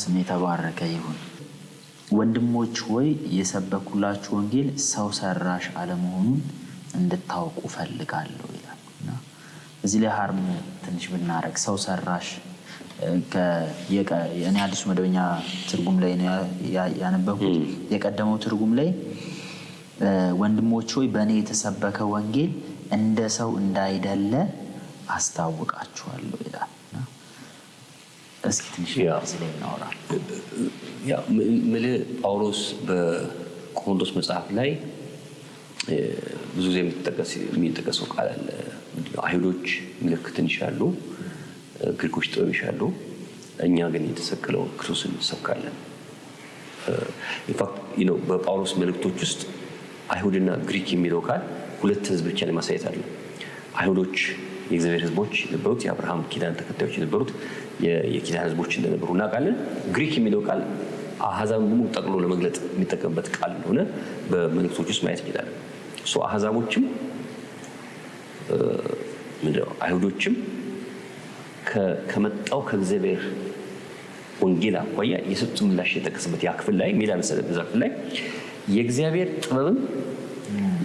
ስም የተባረከ ይሁን። ወንድሞች ሆይ የሰበኩላችሁ ወንጌል ሰው ሰራሽ አለመሆኑን እንድታውቁ ፈልጋለሁ ይላል እና እዚህ ላይ ሀርም ትንሽ ብናረግ ሰው ሰራሽ እኔ አዲሱ መደበኛ ትርጉም ላይ ያነበብኩት፣ የቀደመው ትርጉም ላይ ወንድሞች ሆይ በእኔ የተሰበከ ወንጌል እንደ ሰው እንዳይደለ አስታውቃችኋለሁ ይላል። እስኪ ትንሽ እዚህ ላይ እናውራ። ምልህ ጳውሎስ በቆሮንቶስ መጽሐፍ ላይ ብዙ ጊዜ የሚጠቀሰው ቃል አለ። አይሁዶች ምልክትን ይሻሉ፣ ግሪኮች ጥበብ ይሻሉ፣ እኛ ግን የተሰቀለውን ክርስቶስን እንሰብካለን። ኢንፋክት በጳውሎስ መልእክቶች ውስጥ አይሁድና ግሪክ የሚለው ቃል ሁለት ህዝብ ብቻ ማሳየት አለ። አይሁዶች የእግዚአብሔር ህዝቦች የነበሩት የአብርሃም ኪዳን ተከታዮች የነበሩት የኪዳ ህዝቦች እንደነበሩ እናውቃለን። ግሪክ የሚለው ቃል አህዛብን ሙሉ ጠቅሎ ለመግለጥ የሚጠቀምበት ቃል እንደሆነ በመልእክቶች ውስጥ ማየት እንችላለን። አህዛቦችም አይሁዶችም ከመጣው ከእግዚአብሔር ወንጌል አኳያ የሰጡ ምላሽ የጠቀስበት ያ ክፍል ላይ ሜዳ መሰለ እዛ ክፍል ላይ የእግዚአብሔር ጥበብም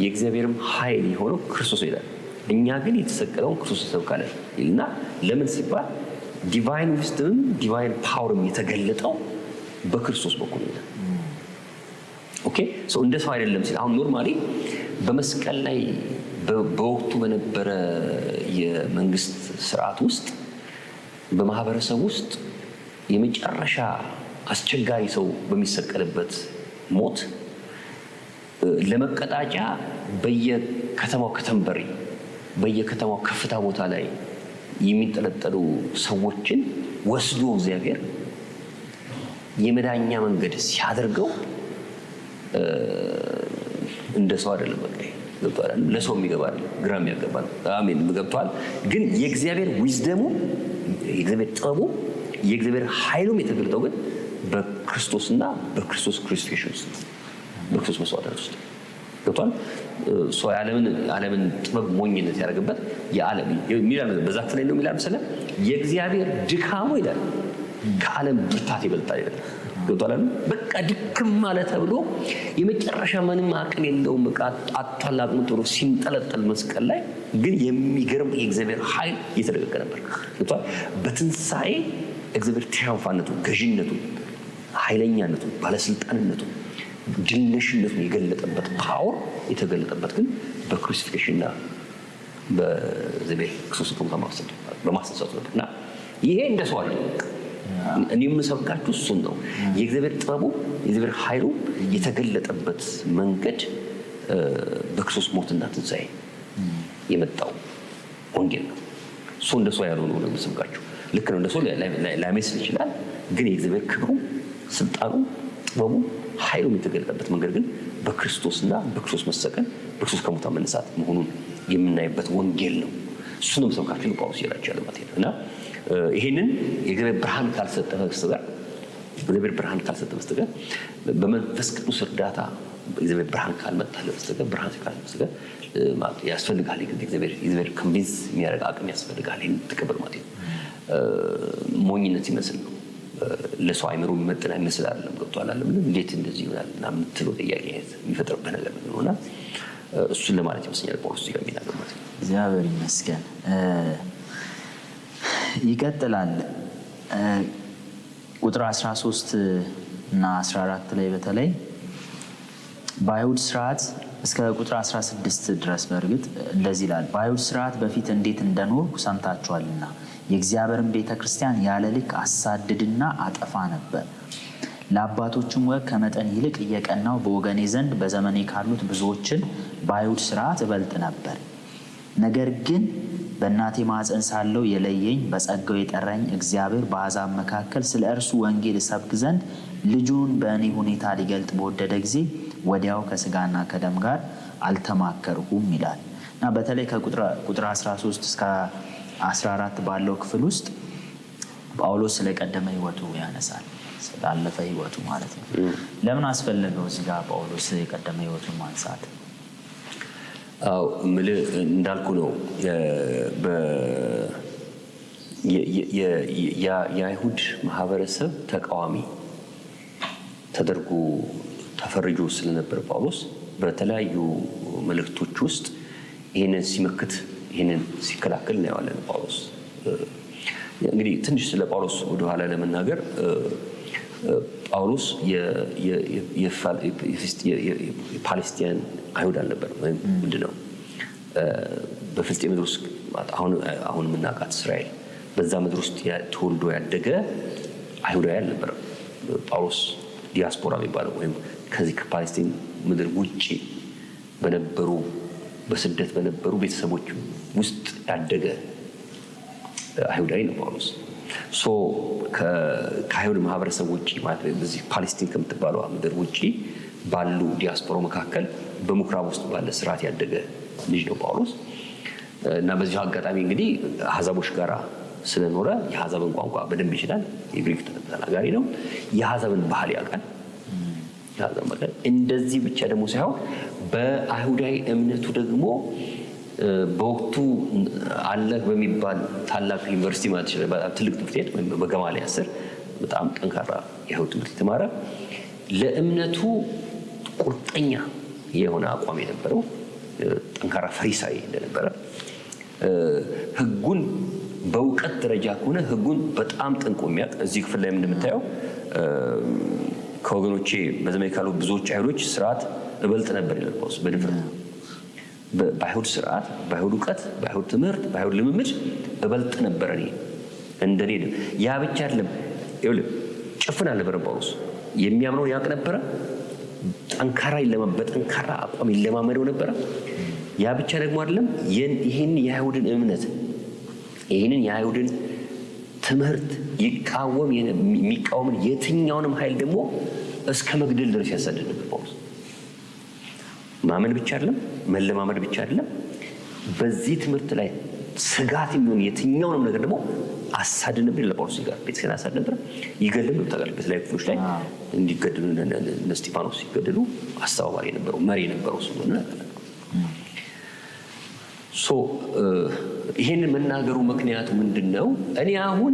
የእግዚአብሔርም ኃይል የሆነው ክርስቶስ ይላል። እኛ ግን የተሰቀለውን ክርስቶስ እንሰብካለን ይልና ለምን ሲባል ዲቫይን ዊዝደም ዲቫይን ፓወርም የተገለጠው በክርስቶስ በኩል ነው። ኦኬ ሰው እንደ ሰው አይደለም ሲል አሁን ኖርማሊ በመስቀል ላይ በወቅቱ በነበረ የመንግስት ስርዓት ውስጥ በማህበረሰብ ውስጥ የመጨረሻ አስቸጋሪ ሰው በሚሰቀልበት ሞት ለመቀጣጫ በየከተማው ከተንበሪ በየከተማው ከፍታ ቦታ ላይ የሚጠለጠሉ ሰዎችን ወስዶ እግዚአብሔር የመዳኛ መንገድ ሲያደርገው እንደ ሰው አይደለም። በቃ ለሰው የሚገባ ግራ የሚያገባ አሜን፣ ገብቶሃል። ግን የእግዚአብሔር ዊዝደሙ የእግዚአብሔር ጥበቡ የእግዚአብሔር ኃይሉም የተገለጠው ግን በክርስቶስና በክርስቶስ ክሪስቴሽን ውስጥ በክርስቶስ መስዋዕትነት ውስጥ ገብቷል። የዓለምን ዓለምን ጥበብ ሞኝነት ያደረገበት የዓለም የሚላል በዛፍ ላይ ነው የሚላ ምስለ የእግዚአብሔር ድካሙ ይላል ከዓለም ብርታት ይበልጣል ይላል። ገብቷል። በቃ ድክም አለ ተብሎ የመጨረሻ ምንም አቅል የለውም በቃ አቷል አቅሙ ሲንጠለጠል መስቀል ላይ ግን የሚገርም የእግዚአብሔር ኃይል እየተደቀቀ ነበር። ገብቷል። በትንሣኤ እግዚአብሔር ትሪያንፋነቱ፣ ገዥነቱ፣ ኃይለኛነቱ፣ ባለስልጣንነቱ ግለሽነቱን የገለጠበት ፓወር የተገለጠበት ግን በክሩሲፊኬሽንና በዘቤል ክርስቶስን በማስነሳቱ ነበር እና ይሄ እንደ ሰው አለ እኔ የምሰብካችሁ እሱን ነው። የእግዚአብሔር ጥበቡ የእግዚአብሔር ኃይሉ የተገለጠበት መንገድ በክርስቶስ ሞትና ትንሣኤ የመጣው ወንጌል ነው። እሱ እንደ ሰው ያልሆነ ነው የምሰብካችሁ። ልክ ነው፣ እንደ ሰው ላይመስል ይችላል፣ ግን የእግዚአብሔር ክብሩ፣ ስልጣኑ፣ ጥበቡ ኃይሉ የተገለጠበት መንገድ ግን በክርስቶስና በክርስቶስ መሰቀል በክርስቶስ ከሞታ መነሳት መሆኑን የምናይበት ወንጌል ነው። እሱ ነው ሰብካችሁ ጳውሎስ እየላቸው ያለ ማለት ነው እና ይህንን የእግዚአብሔር ብርሃን ካልሰጠ በስተቀር እግዚአብሔር ብርሃን ካልሰጠ በስተቀር በመንፈስ ቅዱስ እርዳታ እግዚአብሔር ብርሃን ካልመጣ በስተቀር ብርሃን ካል በስተቀር ያስፈልጋል። እግዚአብሔር ክንቢዝ የሚያደረግ አቅም ያስፈልጋል። ይህን ትቀበል ማለት ነው። ሞኝነት ይመስል ነው ለሰው አይምሮ የሚመጥን አይመስል አይደለም። ገብቷል አለ እንዴት እንደዚህ ይሆናል ና የምትለው ጥያቄ አይነት የሚፈጥርበት ነገር ነው እና እሱን ለማለት ይመስለኛል ጳውሎስ ጋር የሚናገር ማለት ነው። እግዚአብሔር ይመስገን። ይቀጥላል ቁጥር 13 እና 14 ላይ በተለይ በአይሁድ ስርዓት እስከ ቁጥር 16 ድረስ በእርግጥ እንደዚህ ይላል። በአይሁድ ስርዓት በፊት እንዴት እንደኖርኩ ሰምታችኋልና የእግዚአብሔርን ቤተ ክርስቲያን ያለ ልክ አሳድድና አጠፋ ነበር። ለአባቶቹም ወግ ከመጠን ይልቅ እየቀናው በወገኔ ዘንድ በዘመኔ ካሉት ብዙዎችን በአይሁድ ስርዓት እበልጥ ነበር። ነገር ግን በእናቴ ማኅፀን ሳለው የለየኝ በጸጋው የጠራኝ እግዚአብሔር በአሕዛብ መካከል ስለ እርሱ ወንጌል እሰብክ ዘንድ ልጁን በእኔ ሁኔታ ሊገልጥ በወደደ ጊዜ ወዲያው ከስጋና ከደም ጋር አልተማከርሁም ይላል እና በተለይ ከቁጥር 13 እስከ 14 ባለው ክፍል ውስጥ ጳውሎስ ስለቀደመ ህይወቱ ያነሳል። ስላለፈ ህይወቱ ማለት ነው። ለምን አስፈለገው እዚህ ጋር ጳውሎስ የቀደመ ህይወቱን ማንሳት? እንዳልኩ ነው። የአይሁድ ማህበረሰብ ተቃዋሚ ተደርጎ ተፈርጆ ስለነበር ጳውሎስ በተለያዩ መልእክቶች ውስጥ ይህንን ሲመክት ይህንን ሲከላከል እናየዋለን። ጳውሎስ እንግዲህ ትንሽ ስለ ጳውሎስ ወደኋላ ለመናገር ጳውሎስ የፓሌስቲያን አይሁድ አልነበር ወይም ምንድን ነው በፍልስጤም ምድር ውስጥ አሁን የምናውቃት እስራኤል በዛ ምድር ውስጥ ተወልዶ ያደገ አይሁዳዊ አልነበረም። ጳውሎስ ዲያስፖራ የሚባለው ወይም ከዚህ ከፓሌስቲን ምድር ውጭ በነበሩ በስደት በነበሩ ቤተሰቦች ውስጥ ያደገ አይሁዳዊ ነው ጳውሎስ። ሶ ከአይሁድ ማህበረሰብ ውጭ ፓሌስቲን ከምትባለው ምድር ውጭ ባሉ ዲያስፖሮ መካከል በምኩራብ ውስጥ ባለ ስርዓት ያደገ ልጅ ነው ጳውሎስ እና በዚሁ አጋጣሚ እንግዲህ አሕዛቦች ጋር ስለኖረ የሀዛብን ቋንቋ በደንብ ይችላል። የግሪክ ተናጋሪ ነው። የአሕዛብን ባህል ያውቃል። እንደዚህ ብቻ ደግሞ ሳይሆን በአይሁዳዊ እምነቱ ደግሞ በወቅቱ አለህ በሚባል ታላቅ ዩኒቨርሲቲ ማለት ይችላል፣ በጣም ትልቅ ትምህርት ቤት ወይም በገማልያል ስር በጣም ጠንካራ የአይሁድ ትምህርት የተማረ ለእምነቱ ቁርጠኛ የሆነ አቋም የነበረው ጠንካራ ፈሪሳዊ እንደነበረ ህጉን በእውቀት ደረጃ ከሆነ ህጉን በጣም ጠንቆ የሚያውቅ እዚህ ክፍል ላይ እንደምታየው ከወገኖቼ በዘመድ ካሉ ብዙዎች አይሁዶች ስርዓት እበልጥ ነበር ይላል ጳውሎስ በድፍረት በአይሁድ ስርዓት፣ በአይሁድ እውቀት፣ በአይሁድ ትምህርት፣ በአይሁድ ልምምድ እበልጥ ነበር እኔ እንደኔ። ያ ብቻ አይደለም፣ ጭፍን አልነበረ ጳውሎስ። የሚያምነውን ያውቅ ነበረ። ጠንካራ በጠንካራ አቋም ይለማመደው ነበረ። ያ ብቻ ደግሞ አይደለም፣ ይህን የአይሁድን እምነት ይህንን የአይሁድን ትምህርት ይቃወም የሚቃወምን የትኛውንም ኃይል ደግሞ እስከ መግደል ድረስ ያሳድድ ነበር ጳውሎስ። ማመን ብቻ አይደለም፣ መለማመድ ብቻ አይደለም። በዚህ ትምህርት ላይ ስጋት የሚሆን የትኛውንም ነገር ደግሞ አሳድን ብን ለጳውሎስ ጋር ቤተክርስቲያን አሳድ ነበር። ይገድል ነው ይጠቃል። በተለያዩ ክፍሎች ላይ እንዲገድሉ እነ እስጢፋኖስ ሲገድሉ አስተባባሪ የነበረው መሪ የነበረው ስለሆነ ይህን መናገሩ ምክንያቱ ምንድን ነው? እኔ አሁን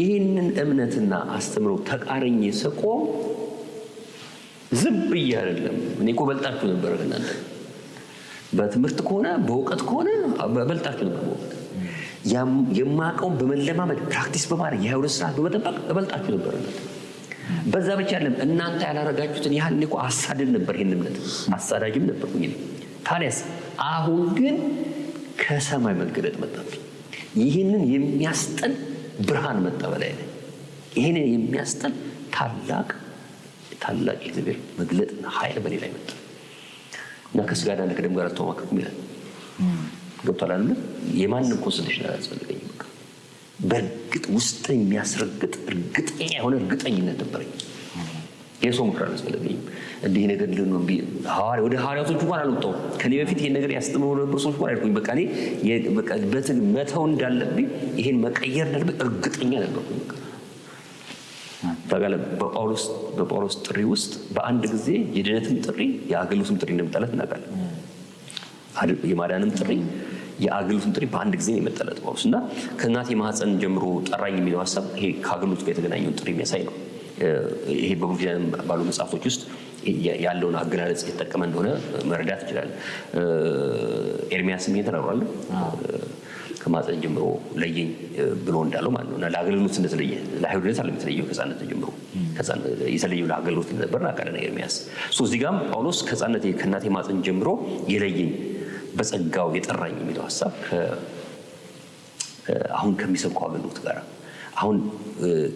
ይህንን እምነትና አስተምሮ ተቃረኝ ሰቆም ዝም ብዬ አይደለም። እኔ እኮ በልጣችሁ ነበር ከእናንተ በትምህርት ከሆነ በእውቀት ከሆነ በልጣችሁ ነበር። በእውቀት የማውቀውን በመለማመድ ፕራክቲስ በማድረግ የሀይሁለት ስርዓት በመጠበቅ እበልጣችሁ ነበር። በዛ ብቻ አይደለም እናንተ ያላረጋችሁትን ያህል እኔ እኮ አሳድድ ነበር። ይህን እምነት አሳዳጅም ነበርኩኝ። ታዲያስ አሁን ግን ከሰማይ መገለጥ መጣብኝ። ይህንን የሚያስጠን ብርሃን መጣ በላይ ላይ ይህንን የሚያስጠን ታላቅ ታላቅ የእግዚአብሔር መግለጥና ኃይል በእኔ ላይ መጣ እና ከስጋና ከደም ጋር አልተማከርኩም ይላል። ገብቷል አለ። የማንም ኮንሰንትሬሽን አያስፈልገኝም። በእርግጥ ውስጥ የሚያስረግጥ እርግጠኛ የሆነ እርግጠኝነት ነበረኝ። የሰው ምክር አላስፈለገኝም። እንዲህ ነገር ልነው ወደ ሐዋርያቶቹ እንኳን አልወጣሁም። ከኔ በፊት ይህን ነገር ያስጥመው ነበር ሰዎች እንኳን አልኩኝ። በቃ በትን መተው እንዳለብኝ ይሄን መቀየር እንዳለብኝ እርግጠኛ ነበርኩኝ። በቃ በጳውሎስ በጳውሎስ ጥሪ ውስጥ በአንድ ጊዜ የድነትን ጥሪ የአገልግሎትም ጥሪ እንደመጣለት እናውቃለን። የማዳንም ጥሪ የአገልግሎትም ጥሪ በአንድ ጊዜ ነው የመጣለት ጳውሎስ እና ከእናቴ ማህፀን ጀምሮ ጠራኝ የሚለው ሀሳብ ይሄ ከአገልግሎት ጋር የተገናኘውን ጥሪ የሚያሳይ ነው። ይሄ በብሉይ ኪዳን ባሉ መጽሐፎች ውስጥ ያለውን አገላለጽ የተጠቀመ እንደሆነ መረዳት ይችላል። ኤርሚያስም ይሄን ተናግሯል። ከማፀን ጀምሮ ለየኝ ብሎ እንዳለው ማለት ነው። ለአገልግሎት እንደተለየ ለአይሁድነት አለም የተለየው ከህፃነት ጀምሮ የተለየ ለአገልግሎት እንደነበር ናቃለ ነገር የሚያስ እዚህ ጋም ጳውሎስ ከህፃነት ከእናቴ ማፀን ጀምሮ የለየኝ በጸጋው የጠራኝ የሚለው ሀሳብ አሁን ከሚሰብከው አገልግሎት ጋር አሁን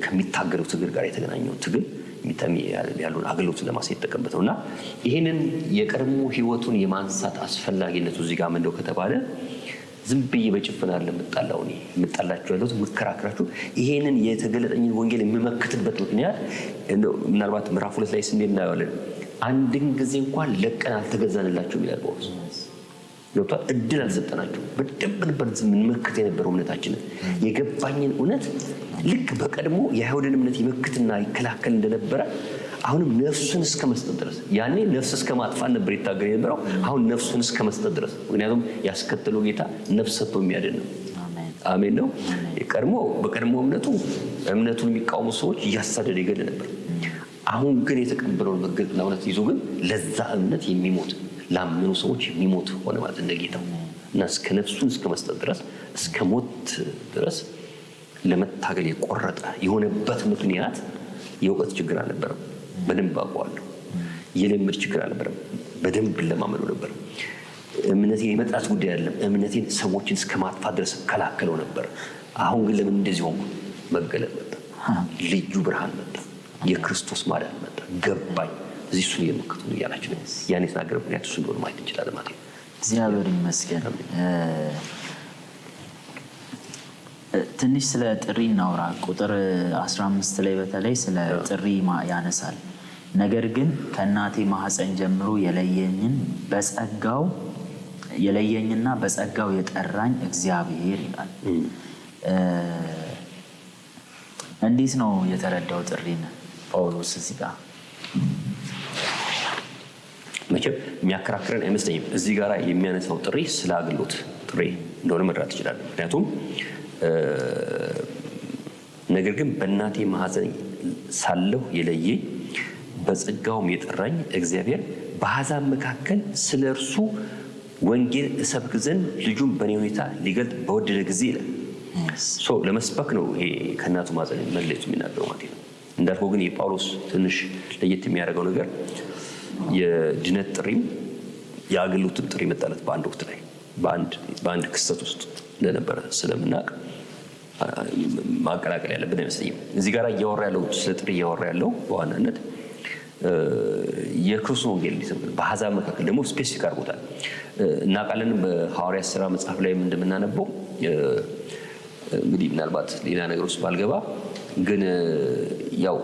ከሚታገለው ትግል ጋር የተገናኘው ትግል ያሉን አገልግሎትን ለማሳየት የተጠቀምበት ነው እና ይህንን የቀድሞ ህይወቱን የማንሳት አስፈላጊነቱ እዚህ ጋር ምንድነው ከተባለ ዝም ብዬ በጭፍን አለ የምጣላው እኔ የምጣላችሁ ያለሁት ይሄንን የተገለጠኝን ወንጌል የምመክትበት ምክንያት ምናልባት ምዕራፍ ሁለት ላይ ስንሄድ እናየዋለን። አንድን ጊዜ እንኳን ለቀን አልተገዛንላችሁም ይላል ጳውሎስ። ገብቷል። እድል አልሰጠናቸው። በደንብ ነበር ስንመክት የነበረው እምነታችንን የገባኝን እውነት ልክ በቀድሞ የአይሁድን እምነት ይመክትና ይከላከል እንደነበረ አሁንም ነፍሱን እስከ መስጠት ድረስ ያኔ ነፍስ እስከ ማጥፋት ነበር ይታገል የነበረው። አሁን ነፍሱን እስከ መስጠት ድረስ ምክንያቱም ያስከተለው ጌታ ነፍስ ሰጥቶ የሚያድን ነው። አሜን ነው። ቀድሞ በቀድሞ እምነቱ እምነቱን የሚቃወሙ ሰዎች እያሳደደ ይገል ነበር። አሁን ግን የተቀበለውን በግልጥና ለእውነት ይዞ ግን ለዛ እምነት የሚሞት ላመኑ ሰዎች የሚሞት ሆነ ማለት እንደ ጌታው እና እስከ ነፍሱን እስከ መስጠት ድረስ እስከ ሞት ድረስ ለመታገል የቆረጠ የሆነበት ምክንያት የእውቀት ችግር አልነበረም። በደንብ አውቀዋለሁ። የለምድ ችግር አልነበረም። በደንብ ለማመዱ ነበር። እምነቴን የመጥራት ጉዳይ አይደለም። እምነቴን ሰዎችን እስከ ማጥፋት ድረስ ከላከለው ነበር። አሁን ግን ለምን እንደዚህ ሆንኩ? መገለጥ መጣ፣ ልዩ ብርሃን መጣ፣ የክርስቶስ ማዳን መጣ፣ ገባኝ። እዚህ እሱን እየመከቱ እያላችሁ ያን የተናገረ ምክንያት እሱ እንደሆነ ማየት እንችላለን ማለት ነው። እግዚአብሔር ይመስገን። ትንሽ ስለ ጥሪ እናውራ። ቁጥር 15 ላይ በተለይ ስለ ጥሪ ያነሳል። ነገር ግን ከእናቴ ማህፀን ጀምሮ የለየኝን በጸጋው የለየኝና በጸጋው የጠራኝ እግዚአብሔር ይላል። እንዴት ነው የተረዳው ጥሪን ጳውሎስ እዚህ ጋር? መቼም የሚያከራክረን አይመስለኝም። እዚህ ጋር የሚያነሳው ጥሪ ስለ አገልግሎት ጥሪ እንደሆነ መረዳት ይችላል። ምክንያቱም ነገር ግን በእናቴ ማህፀን ሳለሁ የለየኝ በጸጋውም የጠራኝ እግዚአብሔር በአሕዛብ መካከል ስለ እርሱ ወንጌል እሰብክ ዘንድ ልጁን በእኔ ሁኔታ ሊገልጥ በወደደ ጊዜ ይላል። ለመስበክ ነው ይሄ ከእናቱ ማህፀን መለየቱ የሚናገረው ማለት ነው። እንዳልከው ግን የጳውሎስ ትንሽ ለየት የሚያደርገው ነገር የድነት ጥሪም የአገልግሎትም ጥሪ መጣለት በአንድ ወቅት ላይ በአንድ ክስተት ውስጥ እንደነበረ ስለምናውቅ ማቀላቀል ያለብን አይመስለኝም። እዚህ ጋር እያወራ ያለው ስጥር እያወራ ያለው በዋናነት የክርስቶስ ወንጌል እንዲሰብክ በአሕዛብ መካከል ደግሞ ስፔሲፊክ አድርጎታል። እናውቃለን በሐዋርያ ስራ መጽሐፍ ላይ እንደምናነበው እንግዲህ ምናልባት ሌላ ነገር ውስጥ ባልገባ ግን ያው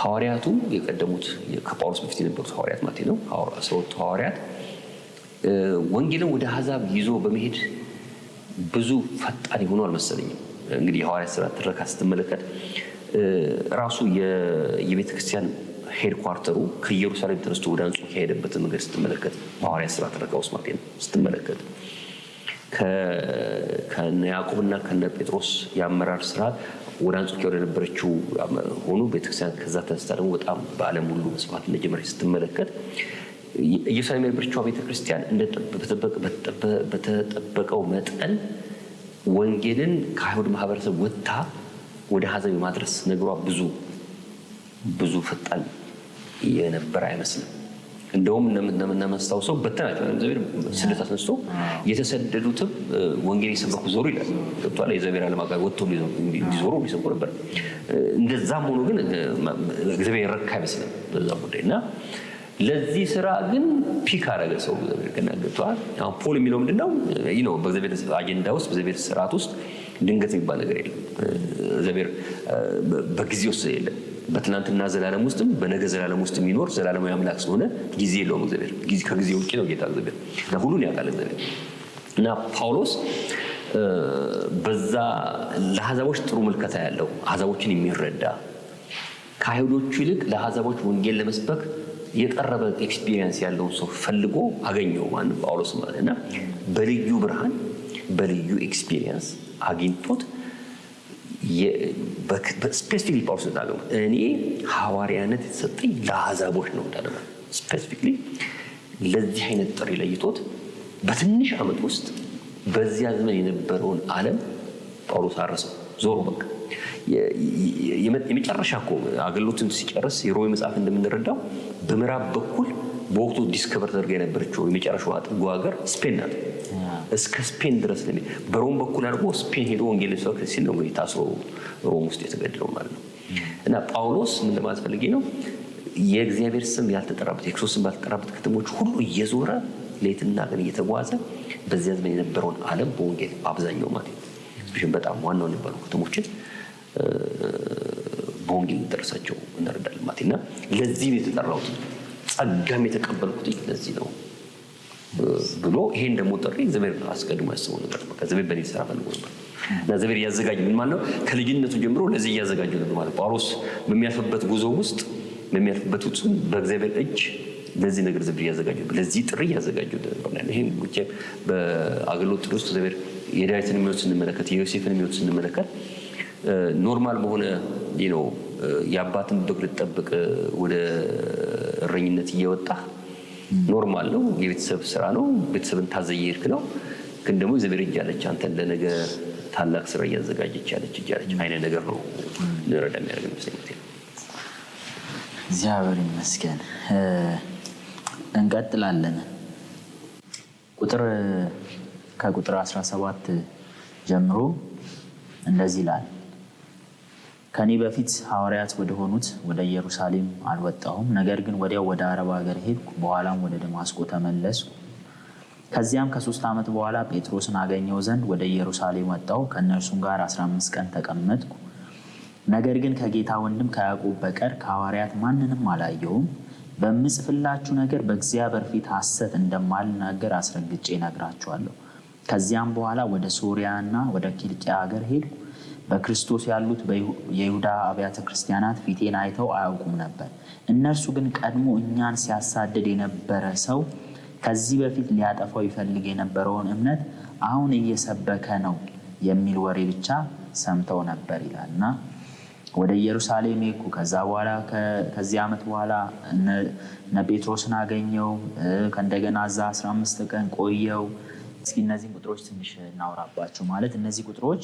ሐዋርያቱ የቀደሙት ከጳውሎስ በፊት የነበሩት ሐዋርያት ማለት ነው ሰወቱ ሐዋርያት ወንጌልን ወደ አሕዛብ ይዞ በመሄድ ብዙ ፈጣን የሆኑ አልመሰለኝም። እንግዲህ የሐዋርያት ስራ ትረካ ስትመለከት ራሱ የቤተ ክርስቲያን ሄድኳርተሩ ከኢየሩሳሌም ተነስቶ ወደ አንጾኪያ የሄደበትን መንገድ ስትመለከት በሐዋርያት ስራ ትረካ ውስጥ ማለት ነው ስትመለከት ከነ ያዕቆብና ከነ ጴጥሮስ የአመራር ስርዓት ወደ አንጾኪያ ወደ ነበረችው ሆኑ ቤተክርስቲያን ከዛ ተነስታ ደግሞ በጣም በዓለም ሁሉ መስፋት እንደጀመረች ስትመለከት የሰሜን ብርቿ ቤተክርስቲያን በተጠበቀው መጠን ወንጌልን ከአይሁድ ማህበረሰብ ወጥታ ወደ ሀዘብ የማድረስ ነገሯ ብዙ ብዙ ፈጣን የነበረ አይመስልም። እንደውም እንደምናስታውሰው በተናቸው እግዚአብሔር ስደት አስነስቶ የተሰደዱትም ወንጌል የሰበኩ ዞሩ ይላል። ገብቷል። የእግዚአብሔር ዓለም አቀፍ ወጥቶ እንዲዞሩ እንዲሰብኩ ነበር። እንደዛም ሆኖ ግን እግዚአብሔር ረካ አይመስልም በዛ ጉዳይ እና ለዚህ ስራ ግን ፒክ አረገ ሰው እግዚአብሔር ገና ፖል የሚለው ምንድነው ነው? በእግዚአብሔር አጀንዳ ውስጥ በእግዚአብሔር ስርዓት ውስጥ ድንገት የሚባል ነገር የለም። እግዚአብሔር በጊዜ ውስጥ የለም። በትናንትና ዘላለም ውስጥም በነገ ዘላለም ውስጥ የሚኖር ዘላለማዊ አምላክ ስለሆነ ጊዜ የለውም እግዚአብሔር። ከጊዜ ውጭ ነው ጌታ እግዚአብሔር እና ሁሉን ያውቃል እግዚአብሔር እና ጳውሎስ በዛ ለአሕዛቦች ጥሩ ምልከታ ያለው አሕዛቦችን የሚረዳ ከአይሁዶቹ ይልቅ ለአሕዛቦች ወንጌል ለመስበክ የቀረበ ኤክስፒሪየንስ ያለውን ሰው ፈልጎ አገኘው ማን ጳውሎስ ማለት እና በልዩ ብርሃን በልዩ ኤክስፒሪየንስ አግኝቶት ስፔሲፊክሊ ጳውሎስ እንዳለ እኔ ሐዋርያነት የተሰጠኝ ለአሕዛቦች ነው እንዳለ ስፔሲፊክሊ ለዚህ አይነት ጥሪ ለይቶት በትንሽ ዓመት ውስጥ በዚያ ዘመን የነበረውን ዓለም ጳውሎስ አረሰው ዞሮ በቃ የመጨረሻ እኮ አገልግሎትን ሲጨርስ የሮሜ መጽሐፍ እንደምንረዳው በምዕራብ በኩል በወቅቱ ዲስከቨር ተደርጋ የነበረችው የመጨረሻው አጥጎ ሀገር ስፔን ናት። እስከ ስፔን ድረስ ለ በሮም በኩል አድርጎ ስፔን ሄዶ ወንጌል ሰበክ ሲል ነው እንግዲህ ታስሮ ሮም ውስጥ የተገደለው ማለት ነው። እና ጳውሎስ ምን ለማስፈልጊ ነው የእግዚአብሔር ስም ያልተጠራበት የክርስቶስ ስም ያልተጠራበት ከተሞች ሁሉ እየዞረ ሌትና ቀን እየተጓዘ በዚያ ዘመን የነበረውን ዓለም በወንጌል አብዛኛው ማለት በጣም ዋናው የሚባሉ ከተሞችን በወንጌል ደረሳቸው እንረዳለን ማለት እና ለዚህም የተጠራሁት ጸጋም የተቀበልኩት ለዚህ ነው ብሎ ይሄን ደግሞ ጥሪ እግዚአብሔር አስቀድሞ ያስበው ነገር ነው። ከእግዚአብሔር በእኔ ስራ ፈልጎ ነበር እና እግዚአብሔር እያዘጋጀ ምን ማለት ነው? ከልጅነቱ ጀምሮ ለዚህ እያዘጋጀ ነበር ማለት ጳውሎስ በሚያልፍበት ጉዞ ውስጥ በሚያልፍበት ውስጥ በእግዚአብሔር እጅ ለዚህ ነገር እግዚአብሔር እያዘጋጀ ለዚህ ጥሪ እያዘጋጀ ነበር። ይሄ በአገልግሎት ውስጥ እግዚአብሔር የዳዊትን ሕይወት ስንመለከት የዮሴፍን ሕይወት ስንመለከት ኖርማል በሆነ ነው የአባትን በግ ልጠብቅ ወደ እረኝነት እየወጣ ኖርማል ነው። የቤተሰብ ስራ ነው። ቤተሰብን ታዘ እየሄድክ ነው። ግን ደግሞ እግዚአብሔር እጅ አለች አንተን ለነገ ታላቅ ስራ እያዘጋጀች ያለች እጅ አለች። አይነት ነገር ነው ልረዳ የሚያደርግ ይመስለኛል። እግዚአብሔር ይመስገን። እንቀጥላለን። ቁጥር ከቁጥር 17 ጀምሮ እንደዚህ ይላል ከኔ በፊት ሐዋርያት ወደሆኑት ወደ ኢየሩሳሌም አልወጣሁም። ነገር ግን ወዲያው ወደ አረብ ሀገር ሄድኩ፣ በኋላም ወደ ደማስቆ ተመለስኩ። ከዚያም ከሶስት ዓመት በኋላ ጴጥሮስን አገኘው ዘንድ ወደ ኢየሩሳሌም ወጣሁ። ከእነርሱም ጋር 15 ቀን ተቀመጥኩ። ነገር ግን ከጌታ ወንድም ከያዕቆብ በቀር ከሐዋርያት ማንንም አላየውም። በምጽፍላችሁ ነገር በእግዚአብሔር ፊት ሐሰት እንደማልናገር አስረግጬ ነግራችኋለሁ። ከዚያም በኋላ ወደ ሶሪያና ወደ ኪልቅያ ሀገር ሄድኩ። በክርስቶስ ያሉት የይሁዳ አብያተ ክርስቲያናት ፊቴን አይተው አያውቁም ነበር። እነርሱ ግን ቀድሞ እኛን ሲያሳድድ የነበረ ሰው ከዚህ በፊት ሊያጠፋው ይፈልግ የነበረውን እምነት አሁን እየሰበከ ነው የሚል ወሬ ብቻ ሰምተው ነበር ይላል እና ወደ ኢየሩሳሌም ሄድኩ። ከዛ በኋላ ከዚህ ዓመት በኋላ እነ ጴጥሮስን አገኘው። ከእንደገና እዛ 15 ቀን ቆየው። እስኪ እነዚህን ቁጥሮች ትንሽ እናውራባቸው። ማለት እነዚህ ቁጥሮች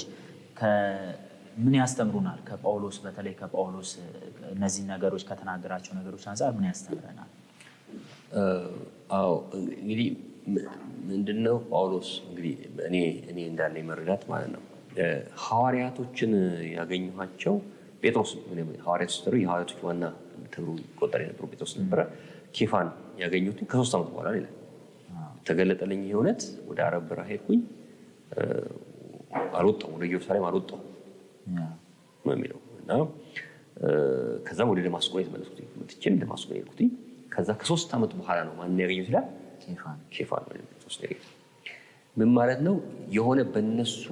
ምን ያስተምሩናል? ከጳውሎስ በተለይ ከጳውሎስ እነዚህ ነገሮች ከተናገራቸው ነገሮች አንጻር ምን ያስተምረናል? አዎ እንግዲህ ምንድነው ጳውሎስ እንግዲህ እኔ እኔ እንዳለኝ መረዳት ማለት ነው ሐዋርያቶችን ያገኘኋቸው ጴጥሮስ ሐዋርያት ሲጠሩ የሐዋርያቶች ዋና ተብሎ ይቆጠር የነበሩ ጴጥሮስ ነበረ። ኬፋን ያገኙት ከሶስት ዓመት በኋላ ይላል ተገለጠልኝ ይህ እውነት ወደ አረብ ብራ ሄድኩኝ አልወጣሁም፣ ወደ ኢየሩሳሌም አልወጣሁም ነው የሚለው እና ከዛም ወደ ደማስቆ የተመለስኩት መጥቼ ደማስቆ ሄድኩት። ከዛ ከሶስት ዓመት በኋላ ነው ማን ያገኘው ይችላል ኬፋን ምን ማለት ነው? የሆነ በእነሱ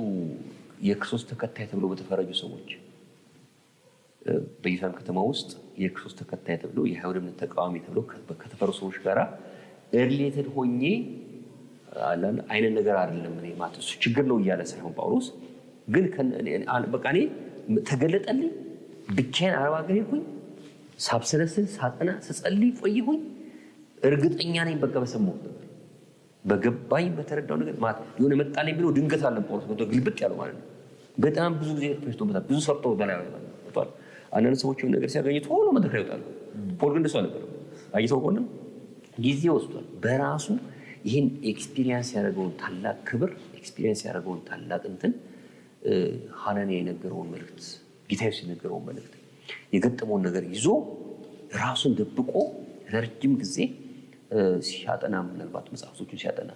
የክርስቶስ ተከታይ ተብሎ በተፈረጁ ሰዎች በኢየሩሳሌም ከተማ ውስጥ የክርስቶስ ተከታይ ተብሎ የአይሁድ እምነት ተቃዋሚ ተብሎ ከተፈሩ ሰዎች ጋራ ሪሌትድ ሆኜ አይነት ነገር አይደለም ማለት እሱ ችግር ነው እያለ ሳይሆን ጳውሎስ ግን በቃ እኔ ተገለጠልኝ። ብቻዬን አረብ ሀገር ሄድኩኝ። ሳብሰለስል ሳጠና ስጸልይ ቆየሁኝ። እርግጠኛ ነኝ በቃ በሰማሁት በገባኝ በተረዳው ነገር ማለት የሆነ መጣልኝ ብሎ ድንገት አለን ጳውሎስ ገብቶ ግልብጥ ያለው ማለት ነው። በጣም ብዙ ጊዜ ፈጅቶበታል። ብዙ ሰርቶ በላይ ቷል። አንዳንድ ሰዎች ነገር ሲያገኙ ቶሎ መድረክ ላይ ይወጣሉ። ፖል ግን እንደሱ አልነበረም። አይተው ከሆነ ጊዜ ወስዷል በራሱ ይህን ኤክስፒሪየንስ ያደረገውን ታላቅ ክብር ኤክስፒሪየንስ ያደረገውን ታላቅ እንትን ሐናንያ የነገረውን መልእክት ጌታዬስ የነገረውን መልእክት የገጠመውን ነገር ይዞ ራሱን ደብቆ ረጅም ጊዜ ሲያጠና ምናልባት መጽሐፍቶቹን ሲያጠና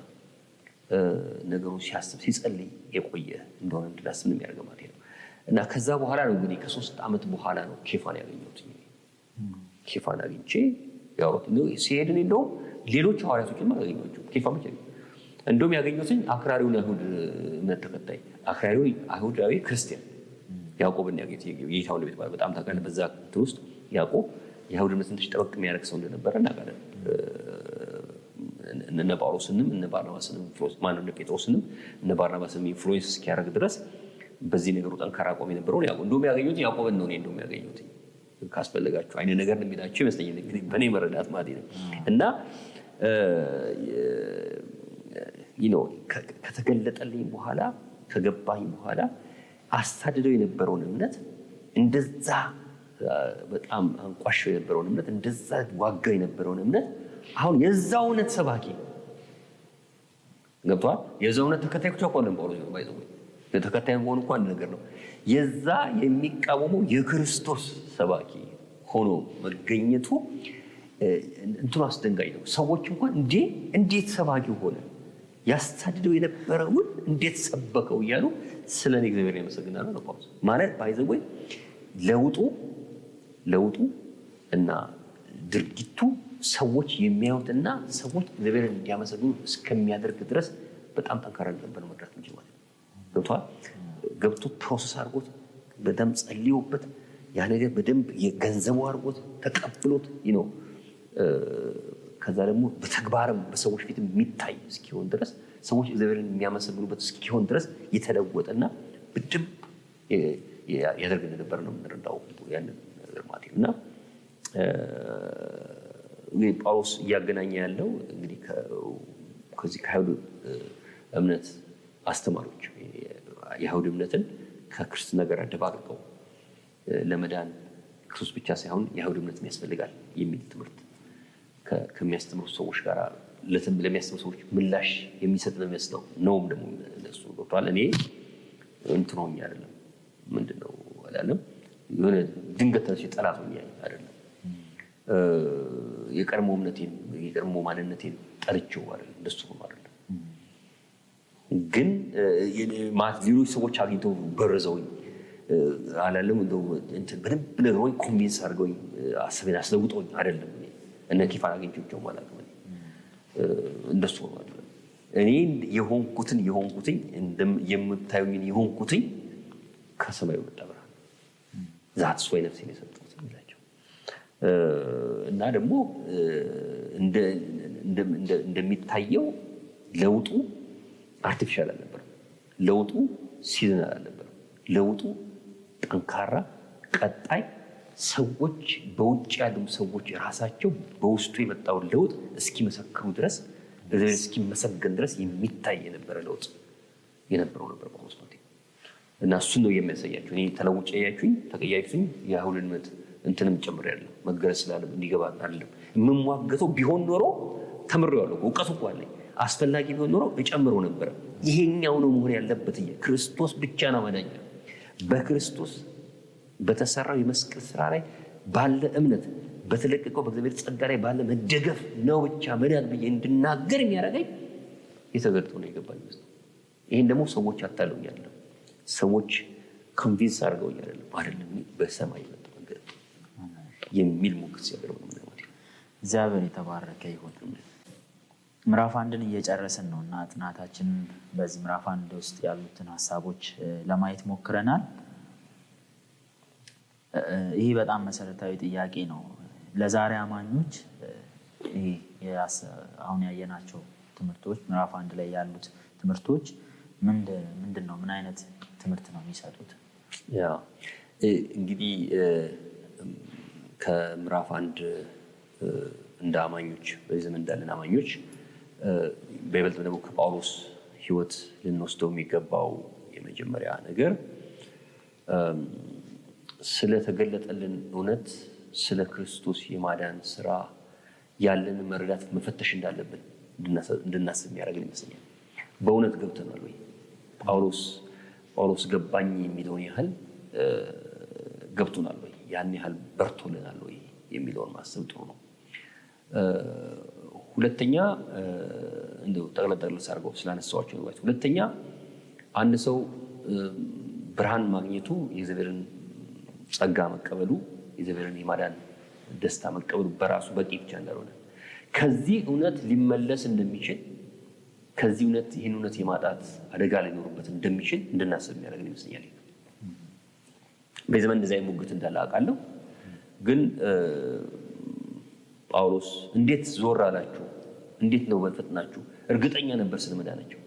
ነገሩን ሲያስብ ሲጸልይ የቆየ እንደሆነ እንድናስብ ምንም ያደርገ ማለት ነው። እና ከዛ በኋላ ነው እንግዲህ ከሶስት ዓመት በኋላ ነው ኬፋን ያገኘሁት። ኬፋን አግኝቼ ሲሄድን እንደውም ሌሎች ሐዋርያቶችንም አላገኟቸው ኬፋም ብቻ እንደውም ያገኘትኝ አክራሪውን አይሁድ እምነት ተከታይ አክራሪውን አይሁዳዊ ክርስቲያን ያዕቆብን ያገኙት የጌታውን ቤት በጣም ታውቃለህ። በዛ ክትል ውስጥ ያዕቆብ የአይሁድ እምነትን ትንሽ ጠበቅ የሚያደረግ ሰው እንደነበረ እናቃለን እነ ጳውሎስንም እነ ባርናባስንም ማነው እነ ጴጥሮስንም እነ ባርናባስንም ኢንፍሉዌንስ እስኪያደርግ ድረስ በዚህ ነገሩ ጠንካራ አቋም የነበረውን ያ እንደውም ያገኙት ያዕቆብን ነው። እኔ እንደውም ያገኙት ካስፈለጋቸው አይነ ነገር ነው የሚላቸው ይመስለኛል። በእኔ መረዳት ማለት ነው እና ከተገለጠልኝ በኋላ ከገባኝ በኋላ አሳድደው የነበረውን እምነት እንደዛ በጣም አንቋሸው የነበረውን እምነት እንደዛ ዋጋው የነበረውን እምነት አሁን የዛ እውነት ሰባኪ ገብተዋል። የዛ እውነት ተከታይ ብቻ ቆለም ጳውሎስ ነው ተከታይ መሆኑ እኳ አንድ ነገር ነው። የዛ የሚቃወመው የክርስቶስ ሰባኪ ሆኖ መገኘቱ እንትኑ አስደንጋጭ ነው። ሰዎች እንኳን እንዴ እንዴት ሰባኪ ሆነ ያሳድደው የነበረውን እንዴት ሰበከው እያሉ ስለ እኔ እግዚአብሔር ያመሰግናሉ ነው ጳውሎስ ማለት ባይዘወይ ለውጡ ለውጡ እና ድርጊቱ ሰዎች የሚያዩትና ሰዎች እግዚአብሔር እንዲያመሰግኑ እስከሚያደርግ ድረስ በጣም ጠንካራ ነበር መድረስ ምችል ገብቷል። ገብቶ ፕሮሰስ አድርጎት በደንብ ጸልዮበት ያ ነገር በደንብ የገንዘቡ አድርጎት ተቀብሎት ነው ከዛ ደግሞ በተግባርም በሰዎች ፊት የሚታይ እስኪሆን ድረስ ሰዎች እግዚአብሔርን የሚያመሰግኑበት እስኪሆን ድረስ የተለወጠና በደንብ ያደርግ እንደነበር ነው የምንረዳው። ያንን ነገር ማለት እና ጳውሎስ እያገናኘ ያለው እንግዲህ ከዚህ ከአይሁድ እምነት አስተማሪዎች የአይሁድ እምነትን ከክርስትና ጋር አደባልቀው ለመዳን ክርስቶስ ብቻ ሳይሆን የአይሁድ እምነትን ያስፈልጋል የሚል ትምህርት ከሚያስተምሩ ሰዎች ጋር ለሚያስተምሩ ሰዎች ምላሽ የሚሰጥ ነው የሚመስለው። ነውም ደግሞ ለሱ ገብቷል። እኔ እንትኖኝ አይደለም ምንድነው ነው አላለም። የሆነ ድንገት ተነሱ ጠላት ሆኜ አይደለም። የቀድሞ እምነቴን የቀድሞ ማንነቴን ጠርቼው አይደለም፣ እንደሱ ሆኖ አይደለም። ግን ሌሎች ሰዎች አግኝተው በረዘውኝ አላለም። እንደው በደንብ ነግረውኝ ኮንቪንስ አድርገውኝ አስቤን አስለውጠውኝ አይደለም እነ ኪፋን አግኝቻቸው አላውቅም። እንደሱ እኔ የሆንኩትን የሆንኩትኝ የምታዩኝን የሆንኩትኝ ከሰማይ ወጣ ብርሃን ዛት ስዋይ ነፍሴን የሰጠሁት የሚላቸው እና ደግሞ እንደሚታየው ለውጡ አርቲፊሻል አልነበረም። ለውጡ ሲዝናል አልነበረም። ለውጡ ጠንካራ ቀጣይ ሰዎች በውጭ ያሉ ሰዎች ራሳቸው በውስጡ የመጣውን ለውጥ እስኪመሰክሩ ድረስ እስኪመሰገን ድረስ የሚታይ የነበረ ለውጥ የነበረው ነበር ኮስሞቴ እና እሱን ነው የሚያሳያቸው። እኔ ተለውጭ ያያችሁኝ ተቀያይሱኝ የአሁን እንትንም ጨምር ያለ መገረስ ስላለም እንዲገባ አለም የምሟገተው ቢሆን ኖሮ ተምሬዋለሁ። እውቀቱ እኮ አለኝ። አስፈላጊ ቢሆን ኖሮ እጨምሮ ነበረ። ይሄኛው ነው መሆን ያለበት። ክርስቶስ ብቻ ነው መዳኛ። በክርስቶስ በተሰራው የመስቀል ስራ ላይ ባለ እምነት በተለቀቀው በእግዚአብሔር ጸጋ ላይ ባለ መደገፍ ነው ብቻ መዳን ብዬ እንድናገር የሚያደርገኝ የተገልጦ ነው የገባኝ ውስጥ ይህን ደግሞ ሰዎች አታለው አይደለም፣ ሰዎች ኮንቪንስ አድርገው እያለ አይደለም በሰማይ መጥ ነገር የሚል ሞክስ ሲያደርጉ እግዚአብሔር የተባረከ ይሁን። ምራፍ አንድን እየጨረስን ነው እና ጥናታችን በዚህ ምራፍ አንድ ውስጥ ያሉትን ሀሳቦች ለማየት ሞክረናል። ይህ በጣም መሰረታዊ ጥያቄ ነው። ለዛሬ አማኞች አሁን ያየናቸው ትምህርቶች ምዕራፍ አንድ ላይ ያሉት ትምህርቶች ምንድን ነው? ምን አይነት ትምህርት ነው የሚሰጡት? እንግዲህ ከምዕራፍ አንድ እንደ አማኞች በዚህ ዘመን እንዳለን አማኞች በይበልጥ ደግሞ ከጳውሎስ ሕይወት ልንወስደው የሚገባው የመጀመሪያ ነገር ስለተገለጠልን እውነት ስለ ክርስቶስ የማዳን ስራ ያለን መረዳት መፈተሽ እንዳለብን እንድናስብ የሚያደርግን ይመስለኛል። በእውነት ገብተናል ወይ? ጳውሎስ ጳውሎስ ገባኝ የሚለውን ያህል ገብቶናል ወይ? ያን ያህል በርቶልናል ወይ የሚለውን ማሰብ ጥሩ ነው። ሁለተኛ እንደው ጠቅለል ጠቅለል ሳድርገው ስላነሳኋቸው ነገሮች፣ ሁለተኛ አንድ ሰው ብርሃን ማግኘቱ የእግዚአብሔርን ጸጋ መቀበሉ የዘመንን የማዳን ደስታ መቀበሉ በራሱ በቂ ብቻ እንዳልሆነ ከዚህ እውነት ሊመለስ እንደሚችል ከዚህ እውነት ይህን እውነት የማጣት አደጋ ሊኖርበት እንደሚችል እንድናስብ የሚያደርገን ይመስለኛል። በዘመን እንደዚያ ሙግት እንዳለ አውቃለሁ። ግን ጳውሎስ እንዴት ዞር አላችሁ? እንዴት ነው በፈጥናችሁ? እርግጠኛ ነበር ስለ መዳናቸው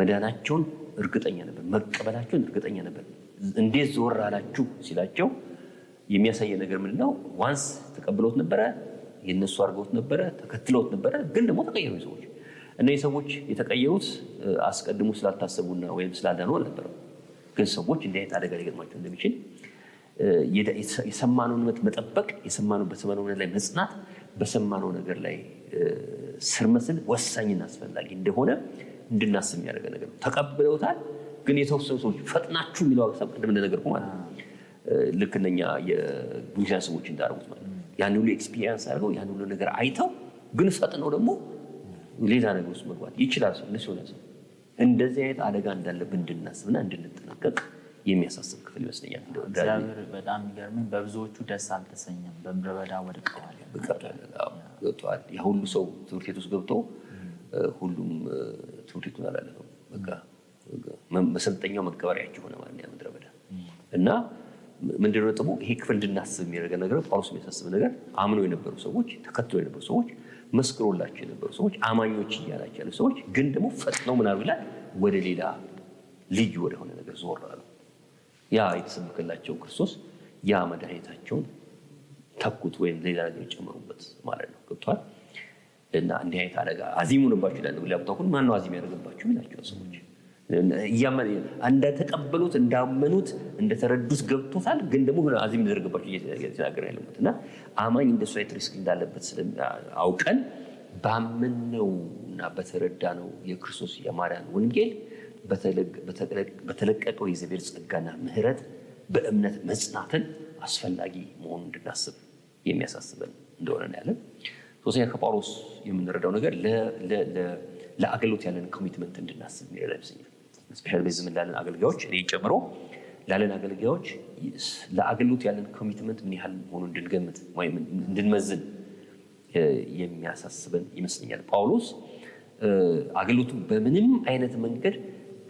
መዳናቸውን እርግጠኛ ነበር፣ መቀበላቸውን እርግጠኛ ነበር። እንዴት ዞር አላችሁ ሲላቸው የሚያሳየ ነገር ምንድን ነው? ዋንስ ተቀብለውት ነበረ፣ የነሱ አድርገውት ነበረ፣ ተከትለውት ነበረ። ግን ደግሞ ተቀየሩ ሰዎች። እነዚህ ሰዎች የተቀየሩት አስቀድሞ ስላልታሰቡና ወይም ስላልዳኑ አልነበረም። ግን ሰዎች እንዲህ አይነት አደጋ ሊገጥማቸው እንደሚችል የሰማነውን እውነት መጠበቅ፣ የሰማነው በሰማነው እውነት ላይ መጽናት፣ በሰማነው ነገር ላይ ስር መስል ወሳኝና አስፈላጊ እንደሆነ እንድናስብ የሚያደርገ ነገር ነው። ተቀብለውታል ግን የተወሰኑ ሰዎች ፈጥናችሁ የሚለው ሀሳብ ቅድም እንደነገርኩ ማለት ነው። ልክ እነኛ የጉንሻን ሰዎች እንዳደረጉት ማለት ነው። ያን ሁሉ ኤክስፒሪንስ አድርገው ያን ሁሉ ነገር አይተው ግን ፈጥነው ደግሞ ሌላ ነገር ውስጥ መግባት ይችላል ሰው እነሱ ሆነ ሰው እንደዚህ አይነት አደጋ እንዳለብን እንድናስብና እንድንጠናቀቅ የሚያሳስብ ክፍል ይመስለኛል። እግዚአብሔር በጣም የሚገርምህ በብዙዎቹ ደስ አልተሰኘም፣ በምድረ በዳ ወድቀዋል ገብተዋል። ያ ሁሉ ሰው ትምህርት ቤት ውስጥ ገብቶ ሁሉም ትምህርት ቤቱን አላለፈው በቃ መሰልጠኛው መገበሪያቸው ሆነ ማለት ምድረ በዳ እና ምንድነው ጥሙ ይሄ ክፍል እንድናስብ የሚያደርገን ነገር ጳውሎስ የሚያሳስብ ነገር አምነው የነበሩ ሰዎች፣ ተከትሎ የነበሩ ሰዎች፣ መስክሮላቸው የነበሩ ሰዎች፣ አማኞች እያላቸው ያሉ ሰዎች ግን ደግሞ ፈጥነው ምናሉ ይላል ወደ ሌላ ልዩ ወደሆነ ነገር ዞር አሉ። ያ የተሰበከላቸው ክርስቶስ ያ መድኃኒታቸውን ተኩት ወይም ሌላ ነገር የጨመሩበት ማለት ነው። ገብቷል። እና እንዲህ አይነት አደጋ አዚሙንባቸው ሆነባችሁ ይላል። ሊያቦታኩን ማነው አዚም ያደረገባችሁ ይላቸዋል ሰዎች እንደተቀበሉት እንዳመኑት እንደተረዱት ገብቶታል። ግን ደግሞ ሆነ አዚ የሚደረግባቸው እየተናገር ያለበት እና አማኝ እንደሱ አይነት ሪስክ እንዳለበት አውቀን ባመንነው እና በተረዳ ነው የክርስቶስ የማርያን ወንጌል በተለቀቀው የእግዚአብሔር ጸጋና ምሕረት በእምነት መጽናትን አስፈላጊ መሆኑን እንድናስብ የሚያሳስበን እንደሆነ ነው ያለን። ሶስተኛ ከጳውሎስ የምንረዳው ነገር ለአገልግሎት ያለን ኮሚትመንት እንድናስብ የሚረዳ ይመስለኛል። ስፔሻሊዝም ላለን አገልጋዮች እኔን ጨምሮ ላለን አገልጋዮች ለአገልግሎት ያለን ኮሚትመንት ምን ያህል መሆኑ እንድንገምት ወይም እንድንመዝን የሚያሳስበን ይመስለኛል። ጳውሎስ አገልግሎቱ በምንም አይነት መንገድ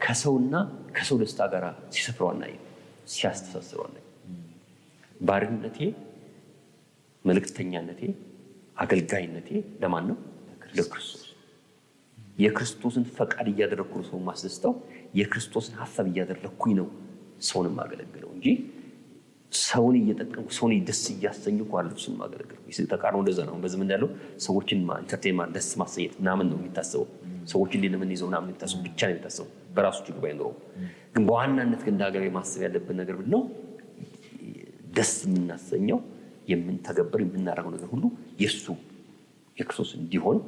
ከሰውና ከሰው ደስታ ጋር ሲሰፍረው አናይም፣ ባርነቴ፣ መልእክተኛነቴ፣ አገልጋይነቴ ለማን ነው? ለክርስቶስ። የክርስቶስን ፈቃድ እያደረግኩ ሰው ማስደስተው የክርስቶስን ሀሳብ እያደረግኩኝ ነው ሰውን ማገለግለው እንጂ ሰውን እየጠቀሙ ሰውን ደስ እያሰኙ እነሱን ማገለግል ተቃርኖ እንደዛ ነው። በዚህ እንዳለው ሰዎችን ኢንተርቴንማ ደስ ማሰኘት ምናምን ነው የሚታሰበው። ሰዎች ሰዎችን ለምን ይዘው ምናምን የሚታሰበው ብቻ ነው የሚታሰቡ በራሱ ችግር አይኖረውም። ግን በዋናነት ግን እንደ ሀገር ማሰብ ያለብን ነገር ምንድን ነው? ደስ የምናሰኘው የምንተገበር የምናደርገው ነገር ሁሉ የእሱ የክርስቶስ እንዲሆን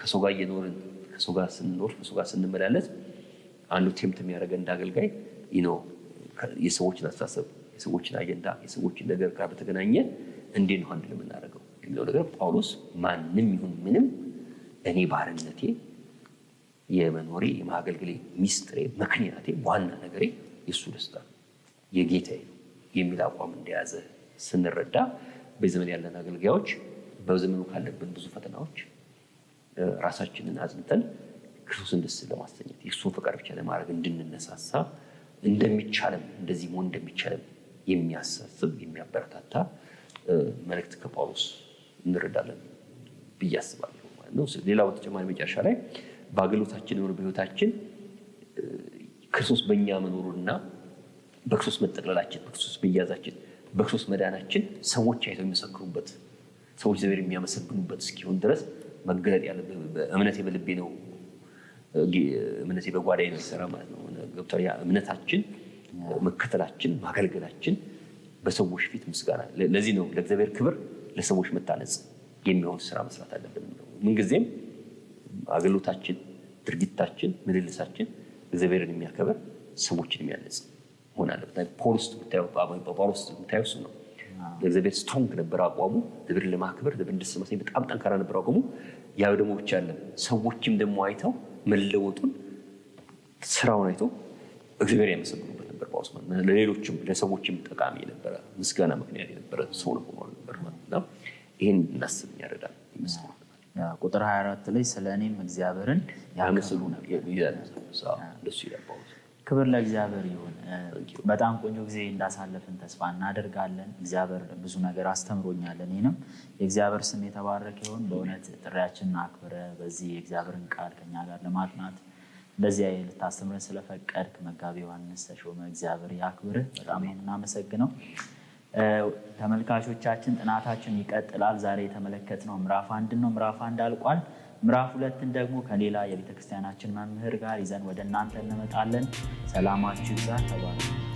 ከሰው ጋር እየኖርን ከሰው ጋር ስንኖር ከሰው ጋር ስንመላለስ አንዱ ቴምት የሚያደርገን እንደ አገልጋይ ነው የሰዎችን አስተሳሰብ፣ የሰዎችን አጀንዳ፣ የሰዎችን ነገር ጋር በተገናኘ እንዴ ነው አንድ የምናደርገው የሚለው ነገር ጳውሎስ ማንም ይሁን ምንም እኔ ባርነቴ የመኖሬ የማገልግሌ ሚስጥሬ ምክንያቴ ዋና ነገሬ የእሱ ደስታ የጌታዬ ነው የሚል አቋም እንደያዘ ስንረዳ በዘመን ያለን አገልጋዮች በዘመኑ ካለብን ብዙ ፈተናዎች ራሳችንን አጽንተን ክርስቶስን ደስ ለማሰኘት የእሱን ፈቃድ ብቻ ለማድረግ እንድንነሳሳ እንደሚቻልም እንደዚህ መሆን እንደሚቻለም የሚያሳስብ የሚያበረታታ መልእክት ከጳውሎስ እንረዳለን ብዬ አስባለሁ ማለት ነው። ሌላ በተጨማሪ መጨረሻ ላይ በአገልግሎታችን የሆነ በህይወታችን ክርስቶስ በእኛ መኖሩና በክርስቶስ መጠቅለላችን፣ በክርስቶስ መያዛችን፣ በክርስቶስ መዳናችን ሰዎች አይተው የሚመሰክሩበት ሰዎች ዘበር የሚያመሰግኑበት እስኪሆን ድረስ መገለጥ ያለ እምነቴ የበልቤ ነው እምነቴ በጓዳ ነው ማለት ነው። እምነታችን መከተላችን ማገልገላችን በሰዎች ፊት ምስጋና። ለዚህ ነው ለእግዚአብሔር ክብር ለሰዎች መታነጽ የሚሆን ስራ መስራት አለብን። ምንጊዜም አገልግሎታችን፣ ድርጊታችን፣ ምልልሳችን እግዚአብሔርን የሚያከብር ሰዎችን የሚያነጽ መሆን አለበት። ፖሎስ በጳውሎስ እሱ ነው። ለእግዚአብሔር ስትሮንግ ነበር አቋሙ፣ እግዚአብሔርን ለማክበር፣ እግዚአብሔርን ደስ ማሰኝ በጣም ጠንካራ ነበር አቋሙ። ያው ደግሞ ብቻ አለ ሰዎችም ደግሞ አይተው መለወጡን ስራውን አይቶ እግዚአብሔር ያመሰግኑበት ነበር። በአውስማን ለሌሎችም ለሰዎችም ጠቃሚ የነበረ ምስጋና ምክንያት የነበረ ሰው ነው ሆኖ ነበር ማለት ነው። ይህን እናስብ ያረዳል ይመስላል። ቁጥር 24 ላይ ስለ እኔም እግዚአብሔርን ያመስሉ ነበር። ክብር ለእግዚአብሔር ይሁን። በጣም ቆንጆ ጊዜ እንዳሳለፍን ተስፋ እናደርጋለን። እግዚአብሔር ብዙ ነገር አስተምሮኛለን። ይህንም የእግዚአብሔር ስም የተባረከ ይሁን። በእውነት ጥሪያችንን አክብረ በዚህ የእግዚአብሔርን ቃል ከኛ ጋር ለማጥናት እንደዚህ ልታስተምረን ስለፈቀድክ መጋቢ ዮሐንስ ተሾመ እግዚአብሔር ያክብርህ። በጣም የምናመሰግነው ተመልካቾቻችን ጥናታችን ይቀጥላል። ዛሬ የተመለከትነው ምዕራፍ አንድ ነው። ምዕራፍ አንድ አልቋል። ምዕራፍ ሁለትን ደግሞ ከሌላ የቤተክርስቲያናችን መምህር ጋር ይዘን ወደ እናንተ እንመጣለን። ሰላማችሁ ይዛ ተባሉ።